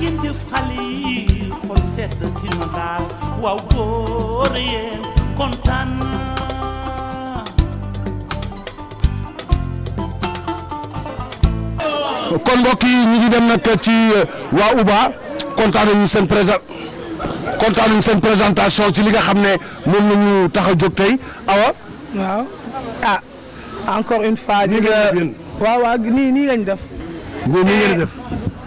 ngeen jëf xale kon mbokk yi dem nag ci euh, waa Uba kontaan nañu seen seen présentation ci li nga xam ne moom la tax a jóg tey awa. waaw ah, encore une fois. ñu ngi nii nii def.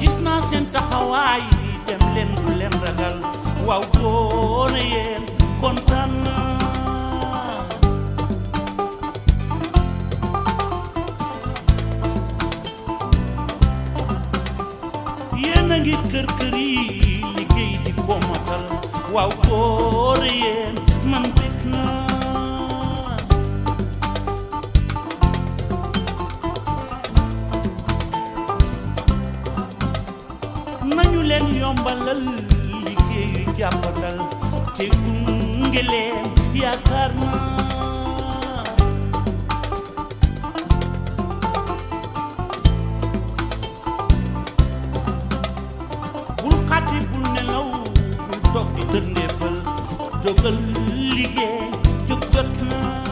gis naa seen taxawaay dem leen leen ragal waaw doon yéen kontaan naa yéen a ngi kër kër yi liggéey di ko matal waaw doon yéen len yombalal liggéeyu jàppandal te gunge leen yaakaar naa bul khati bul nelaw bul toog di dërndeefal jógal liggéey jóg jot